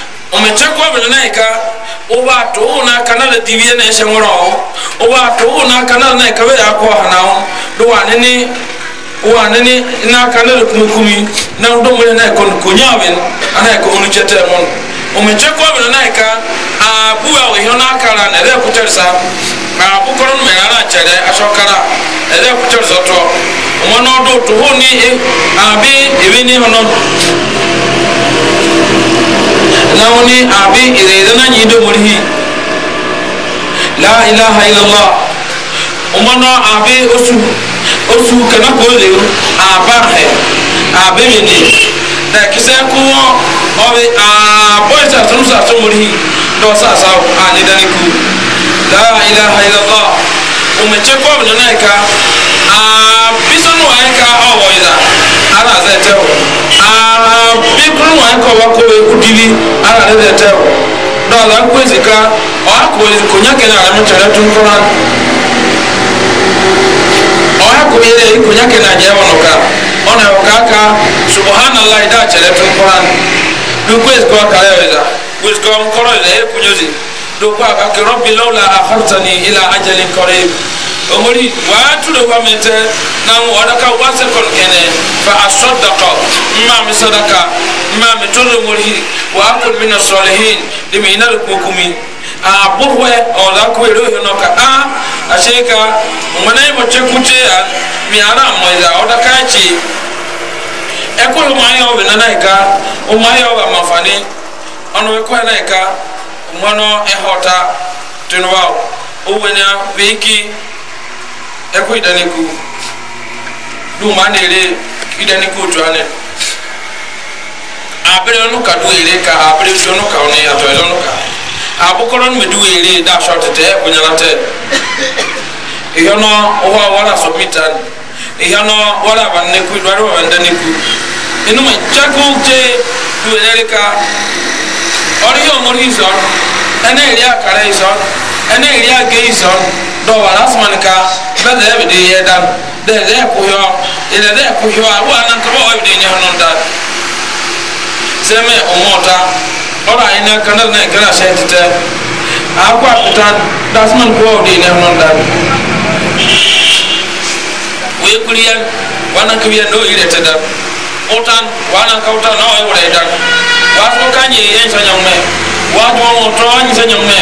umete kwa bila naika uba to una kanala dibiye na yeshe ngoro uba to una kanala naika be akwa hanao duwa nini uwa nini na kanala kumukumi na ndo mwe na kon kunyawen ana ko unu chete mon umete kwa bila naika abuwa we hona kala na re kutersa abu koron me ara chere ashokara re kutersa to umono do to honi eh, abi ibini hono lawni abi iredana nyi do murhi la ilaha illallah umana abi osu osu kana ko le aba he abe mi ni da kisa ko obi abo isa tun sa tun murhi do sa sa ani dani ku la ilaha illallah umeche ko na naika a bisonu aika ala zɛ tɛ o aa bi kunu wa kɔ wa ko eku ala zɛ tɛ o dɔw la ko ezi ka ɔ ko ezi ko nya kɛnɛ alamu tɛrɛ tun kura ɔ ko yɛrɛ ko nya kɛnɛ a jɛ wɔnɔ ka ɔnɛ o ka ka subahana yi da tɛrɛ tun kura du ko ezi kɔ kala yɛ la ko ezi kɔ nkɔrɔ yɛ la e kunyo zi du ko a ka kɛ rɔbi lɔw la a kɔrɔtani ila ajali kɔrɔ ye. omori waa wamete nan wadaka wase kene fa asadaka mmami sadaka mmami tore mori wa mina solihin dimi inare kukumi a buhwe ola kuwe rohi noka a asheka mwana imo chekute ya miara moiza odaka chi ekolo maya obe nanaika umaya oba mafani ono ekwe naika mwano ehota tunwao uwenya viki ɛkò ìdániku dùn má nèrè ìdániku tó anẹ abirẹ ọnu ka dùn èrè ka abirẹ fi ọnu ka ọnu yàtọ̀ ẹ̀ lọ́nu ka abukɔrɔ nu mi dùn èrè dàṣọ tètè bonyanatɛ ìyọnà owó àwọn asọmíta ìyọnà wọn àbànẹkù ìdúrà wọn àbànẹkù inú mi jákó jẹ dùn èrè ka ọdún yóò mọ ní ìzọ ẹnẹ ìrẹ àkàrà ìzọ ene eri ake yi sɔn dɔw wala sɔmani ka bɛ zɛ bi de yɛ dan de zɛ kuhɔ ilɛ zɛ kuhɔ awo anan ka bɔ ɔbi de nyɛ hɔn da sɛmɛ ɔmɔ ta ɔba ayi na kana na kana sɛ titɛ akɔ akutan da sɔmani kuhɔ ɔbi de nyɛ hɔn da oye kuli wana kibi yɛn n'o yire tɛ da ɔtan wana e ka ɔtan n'o ye wɛrɛ da waa fɔ k'an ye yɛn sɛ nyɛ mɛ waa tɔ tɔ an ye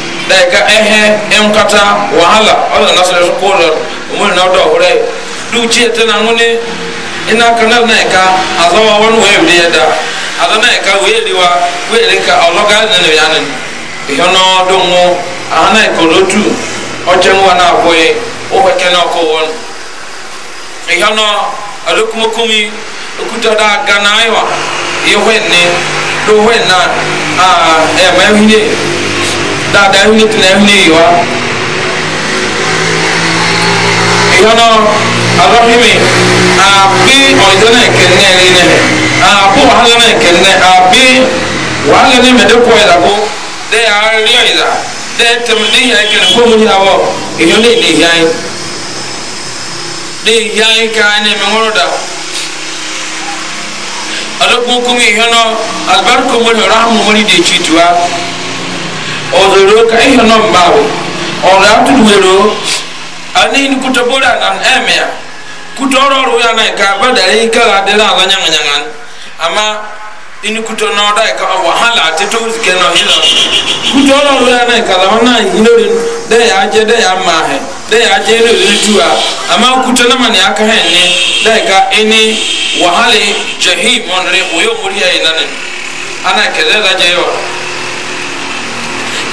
daika ehe enkata wahala ala nasere so kola umuri na odo ọhụrụ duchi tena ngune na ka azawa won we bi da ada na ka we liwa we lika ologa na ne yanen ihono dongo ana ko lotu na boye o hekena ko won ihono a ihe. daadaa hini tena hini yiwa ihɔnɔ alɔhimi abi ɔyidana ekene ɛrinɛ abi wahalana ekene abi wahalana emedekɔ yɛ lako de ari ɔyida de tɛmɛ de yɛ ekele fɔmu yi awɔ ihɔnɔ yi de yan de yan kaa ne mɛŋɔrɔ da ɔlɔkunkun ihɔnɔ alibarika mɔri ɔrɔ hamu mɔri de tsi tuwa. ozoro ka ihe no mbawo ọrụ atụrụ anaghị kutobora na eme ya kutoro ọrụ ọrụ ya na ka abadara ike ga adịla ala nyanganyangan ama inikuto na ọda ka wahala atete ozike na ọhịa kutoro ọrụ ọrụ ya na ka lawa na ihilori de ya aje de ya ma he de ya aje ne ori tuwa ama kuto na mani aka ha enye de ka ini wahale jahim onre oyo muri ya inane ana kele da jayo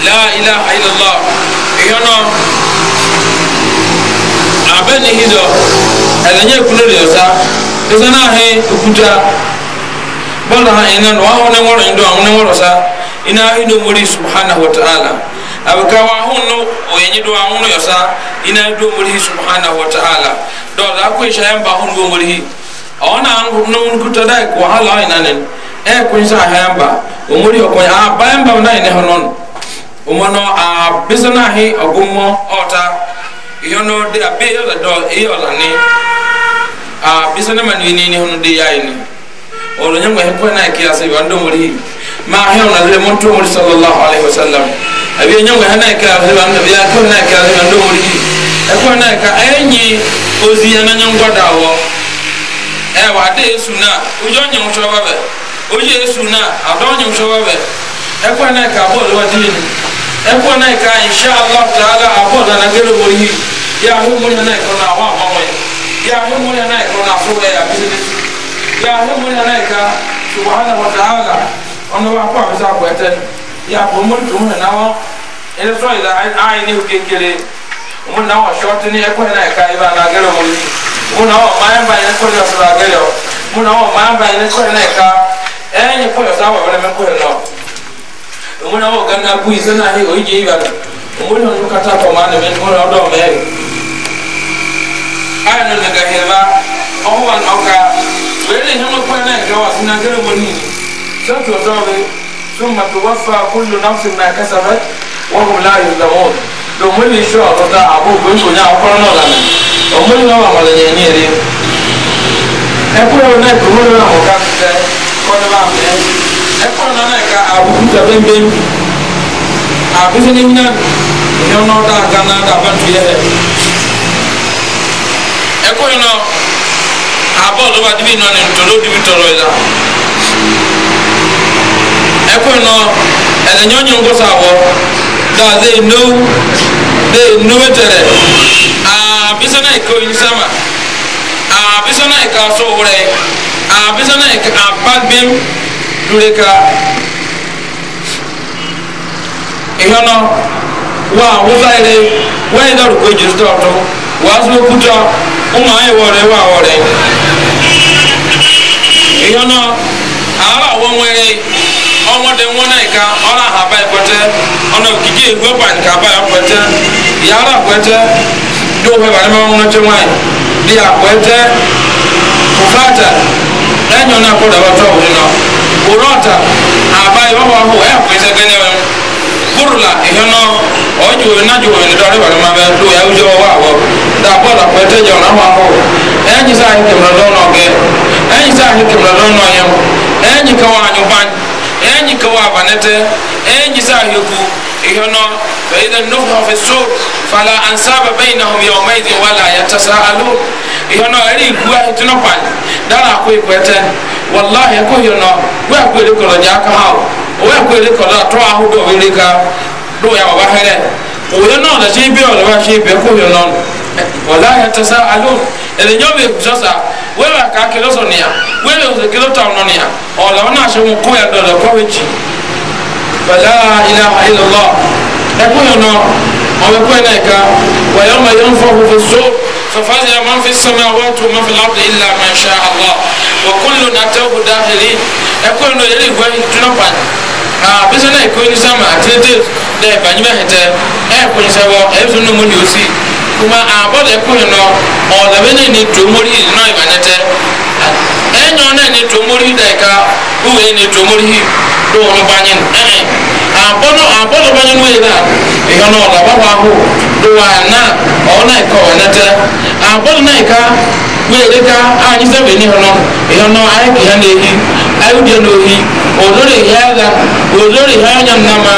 la ilaha illallah ihono abeni hido elenye kuno de sa isana he ukuta bona ha ina no aho ne ngoro ndo aho ne ngoro sa ina hido muri subhanahu wa ta'ala abaka wa hono oyenye do aho no yosa ina do muri subhanahu wa ta'ala do da ko shayan ba hono muri ona an no kuta dai ko hala ina nen e kun sa hayamba umuri ko ya bayamba na ina hono umono a bisana hi agummo ota yono de abe yola do yola ni a bisana man ni ni hono de yayi olo nyamga he kona ki asa wando muri ma he ona le monto muri sallallahu alaihi wasallam abi nyamga hana ka he wando ya kona ka he wando muri e na ka enyi ozi yana nyamga dawo e wa de suna ujo nyamga to babe oje suna adon nyamga to babe e kona ka bo lo wa dini ɛkɔ na ka insha allah taala abɔ na nagere wɔ yi yɛ aho mo na ɛkɔ na awa ama wɔ yɛ aho mo na ɛkɔ na afro wɔ yɛ abisi ne su yɛ aho mo na ɛka subahana wa taala ɔno wa kɔ abisa akɔ ɛtɛ no yɛ akɔ mo tu mo na wɔ ɛdɛ sɔ yi la ayi ne ho kekele mo na wɔ short ne ɛkɔ na ɛka yɛ ba nagere wɔ yi mo na wɔ mayɛ ba yɛ kɔ yɛ sɔ nagere wɔ mo na wɔ mayɛ ba yɛ kɔ yɛ na ɛka ɛyɛ kɔ yɛ omuli awo ogana bwiza naye oija eibalo omuli ono katakomaneme omuli odo omere aya no negaheba owan oka wele hino kwena ekawa sinangere monini sototobe summa tuwaffa kullu nafsin ma kasabat wahum la yuzlamun domuli sho akota abubu nkonya akoronoolana omuli nobamalanyanyere ekuro nekumulo namukakuta kono bamene ɛkɔrɔ nana ka abubu ta bɛnbɛn abubu ne nyina nyɔnɔ da gana da bantu yɛ hɛ ɛkɔrɔ nɔ abɔɔlu ba dibi nɔ ne ntɔlɔ dibi tɔlɔ yi la ɛkɔrɔ nɔ ɛdɛ nyɔnyɔ nkɔsɔ awɔ da ze no de no tɛrɛ abisa na iko yin sama abisa na ika so wɛrɛ abisa na ika abadbɛn. dure ka ihono wa wuzaire wai daru ko jirto to wa zo kuta uma ai wore wa wore ihono ara wo nwere ọmọdé wọn náà ká ọrọ àhàbá ìpẹtẹ ọnà òkìkí ya ya urota abai wa eh, wa ho e ko se gene burla ihno oju na ju ni do re ma be do ya eh, ujo wa wa da bo da pe te jo na wa ho e eh, ni sa hi kim do no ge e ni sa hi kim do no ye e ni ka wa nyu ban e ni ka wa banete e ni sa hi ku ihno fa idan nufa fi suq fala ansaba bainahum yawmaidin wala yɔnɔ ɛri igu ayi tino kwan dala ko iku ɛtɛ walahi ɛkɔ yɔnɔ wo ɛkɔ eri kɔlɔ dza ka ha o wo ɛkɔ eri kɔlɔ atɔ ahu do o eri ka do ya waba hɛrɛ o yɔnɔ la se ibi ɔlɔ wa se ibi ɛkɔ yɔnɔ walahi ɛtɛ sa alo ɛdi nyɔ mi sɔ sa wo ɛwɛ ka kele sɔ nia wo ɛwɛ kele tɔ nɔ nia ɔlɔ wɔn na se mo kɔ ya dɔ lɛ kɔ bɛ tsi wala ilaha illallah ɛkɔ yɔnɔ ɔbɛ kɔ yɛ n'ayi ka wa yɔn ma yɔn fɔ fufu ففزع من في السماوات ومن في الأرض إلا ما شاء الله وكل أتوه داخلين أكون يلي هو تنبان abisa na ekoyi sama atete dɛ banyima hɛtɛ ɛkoyi sɛbɔ ɛso no mu ne osi kuma abɔ dɛ ekoyi no ɔdɛbɛ ne ne tomori na ɛbanyɛtɛ ɛnyɔ ne ni tomori da ka uwe ni tomori do ɔno banyin ɛn abɔdɔ abɔdɔ banyin wei la ihe no ɔda bɔbɔ aho do wa na ɔna ɛka ɔna tɛ abɔdɔ na ɛka wei de ka anyi sɛ bɛ ni hɔ no ihe ayɛ kiha na ehi ayɛ udiɛ na ohi olórí ìhẹ́ ẹ̀dá olórí ìhẹ́ ẹ̀yàn nàmà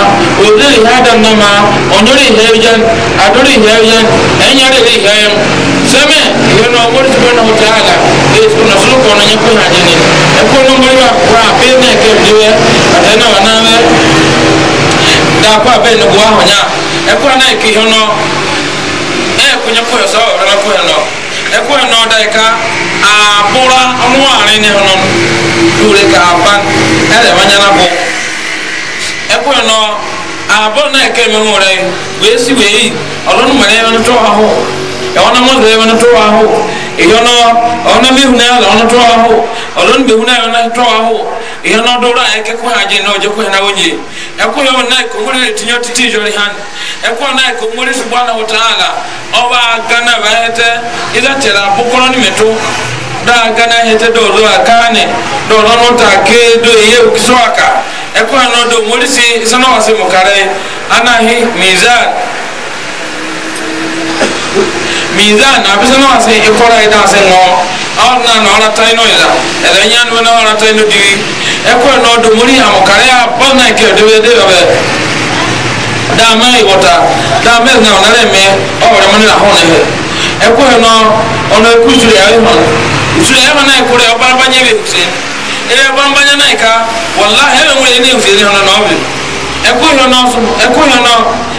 olórí ìhẹ́ ẹ̀dá nàmà ọ̀nyórí ìhẹ́ ẹ̀yàn adórí ìhẹ́ ẹ̀yàn ẹ̀yàn rẹ̀ ìhẹ́ ẹ̀yàn sɛmɛ wɛnɔ mori sɛbɛn na o tɛ a la ee sɛbɛn na e sulu kɔnɔ nye ko hajɛ ne ɛ ko ne mori b'a kura a bɛɛ n'a kɛ bi wɛ a tɛ na wa n'a wɛ daa ko a bɛɛ ne ko a hɔnya ɛ ko a n'a ye k'i hɔnɔ ɛ ko nye ko yɛ sɔ o yɛrɛ ko yɛ nɔ ɛ ko yɛ nɔ da yi ka a bɔra ɔnu ari ne hɔnɔ tuure ka ban ɛ lɛ ma ɲɛna bɔ ɛ ko yɛ nɔ a bɔ n'a ye kɛ mɛ mo rɛ o ye si wɛ yi ɔlɔnu mɛrɛ yɛ ni tɔ a hɔ. ɛwɔna mɔzɛ wɛna tɔ wa ho na ɔna ahụ yɛ ɔna tɔ wa ho ɔlɔni mehuna yɛ ɔna tɔ wa ho ɛyɔnɔ dɔwɔra yɛ kɛ kɔhɛ agye na ɔgye kɔhɛ na wɔnye ɛkɔ yɛ ɔna kɔmori de tinyɔ titi han ɛkɔ ɔna ɔba gana bɛyɛ tɛ ɛdɛ tɛra bɔkɔlɔ ni mɛto daa gana a kaani dɔwɔrɔ a mizan abisana wa se ikora ida se ngo awon na no ala tai no ida eda nyan we na ala tai no di e ko no do muri ha mo kare a bon na ke de de be da mai wota da me na na le me o re mo ni la hon ne e ko no ono ku jure ya mo jure ya na ko re o ba ba nye e, be se e ba ba nye na ka wallahi e mo ni ni fi ni hono no be e ko no e ko no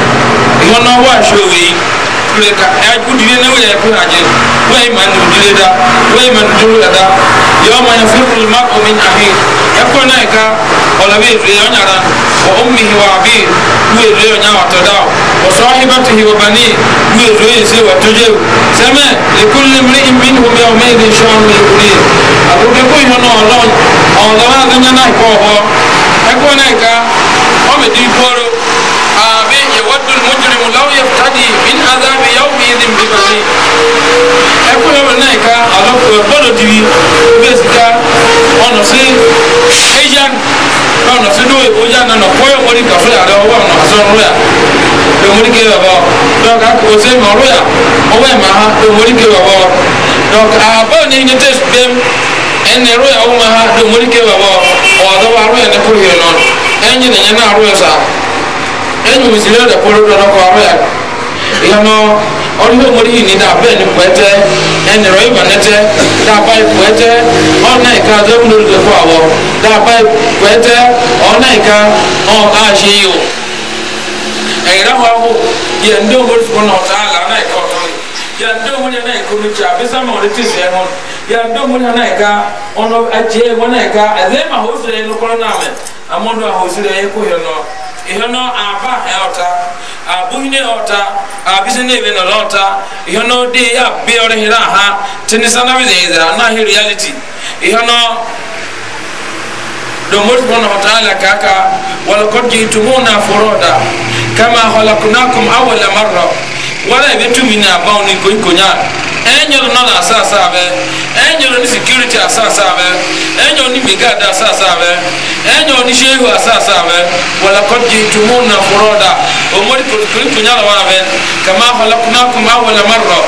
ŋɔnɔ wa sowe kule ka ɛku dile ne wele ɛku na jɛ wei ma nu dile da wei ma nu dole da yɔ ma ya firu ma o mi ahi ɛku na yi ka ɔlɔ bi ere yɔ nyara wa o mi wa bi ku ere yɔ nya wa da o sɔ hi ba tu hi bani ku ere yɔ se wa tuje o sɛmɛ ekun le mi in min hum ya o mi de sɔn mi o de a ko ke ko yi hɔn ɔlɔ ɔlɔ wa ka nya na yi kɔ na yi ka ɔmi يود المجرم لو يفتدي من عذاب يومئذ ببنيه ẹkú yọmọ náà ká àlọkọ ẹgbọdọ dìbí bẹẹ sika ọnà sí asian ọnà sí lóye ọjà nana kọyọ mọdì kàfé àrẹ ọwọ ọnà àsọrọ lóya lomori ké bàbá dọkà ọsẹ mọlóya ọwọ ẹ máa lomori ké bàbá dọkà àbọ ní ní tẹ bẹm ẹnẹ lóya ọwọ máa lomori ké bàbá ọwọ àdọwọ àrùyẹ ní kúrò yẹn nọ ẹnyìn ẹnyẹn náà àrùyẹ ẹni misiri ọdẹ pọlọ dọdọ kọ ọrọ yàrá ìyànà ọdún omori yìí ní dà bẹẹ ni pẹtẹ ẹni rọ ìbà nẹtẹ dà bá pẹtẹ ọ̀nà ìka zẹ́mu lórí tó fọ àwọ̀ dà bá pẹtẹ ọ̀nà ìka ọ̀n àṣẹ yìí o ẹ̀yìnrán wa wò yẹ ndé omori fún ọ̀nà ọ̀tá àlà náà ẹ̀kọ́ ọ̀tọ́ yìí yẹ ndé omori náà ẹ̀kọ́ mi tí abisámọ̀ ọ̀rẹ́ ti sẹ́ wọn yẹ ndé omori náà ẹ̀ka ọ̀nà àjẹ́ wọn náà ẹ̀ka ẹ̀dẹ́ ihono aba heota abuhine ota abisene beno lota ihono de ya be ore hira ha tinisana bizeza na hi reality ihono domo subhanahu wa la kaka walakad jitumuna furoda kama khalaqnakum awwala marra wala bitumina bawni kunkunya enyo nọla asa asa abẹ enyo ni security asa asa abẹ enyo ni megada asa asa abẹ enyo ni shehu asa asa abẹ wala kọji tumu na furoda omori kuli tunyala wa abẹ kama halakunakum awala marra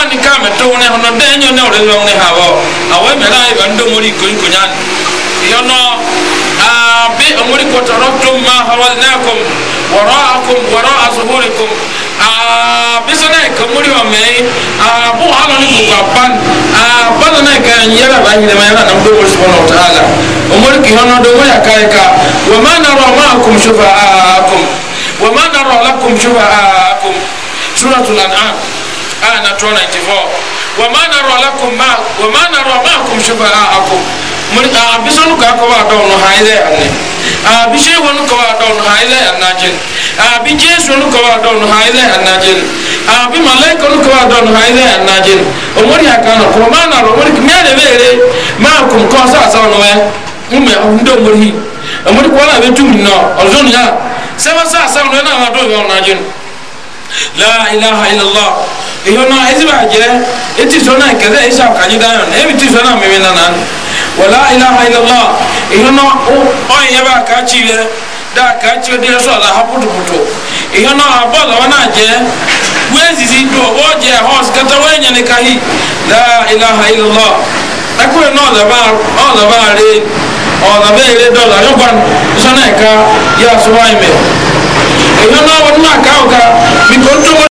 ani kame towne hono de enyo ne ore lewne hawo awe mera iba ndomori kuli kunyani yono abe omuli ko taraktum ma hawalnakum waraakum waraa zuhurikum abisanaye ah, kamuli wamei abu ah, haloni kukapan abadanaye ah, kayanyala banyinamayala namudogo subhanahu wataala omuli kihono dogo wa wama nara maakum shufaakum wama nara lakum shufaakum suratul an'am aya na 294 wama nara lakum ma wama nara maakum shufaakum a ah, bisanu ka ko ba do no haile anne a ah, bishe wonu ko ba do no haile annajin a ah, bi jesu nu ko ba do no haile annajin a bi malaika nu ko ba do no haile annajin o mori aka no ko ma na ro mori me de bere ma ku ko sa sa no we umme ndo mori o mori ko la be tu no o zon ya se ma sa sa na ma do be annajin la ilaha illallah iyo na eziba je eti sona kede isa kanyi dayon ebi ti sona mimi na nan wala ilaha illallah ihono o yɛ b'a kaa kyi da daa kaa kyi deɛ sɔ la ha putuputu ihono a bɔl ɔn a jɛ wɛn sisi do ɔ jɛ hɔs kata wɛn nyɛ ne kahi la ilaha illallah ɛkuyɛ nɔ lɛba ɔ lɛba re ɔ lɛba ere dɔ la yɔ gban sɔnna ɛka yɛ asɔba yi mɛ ihono wɔn mu a kaa o ka mi ko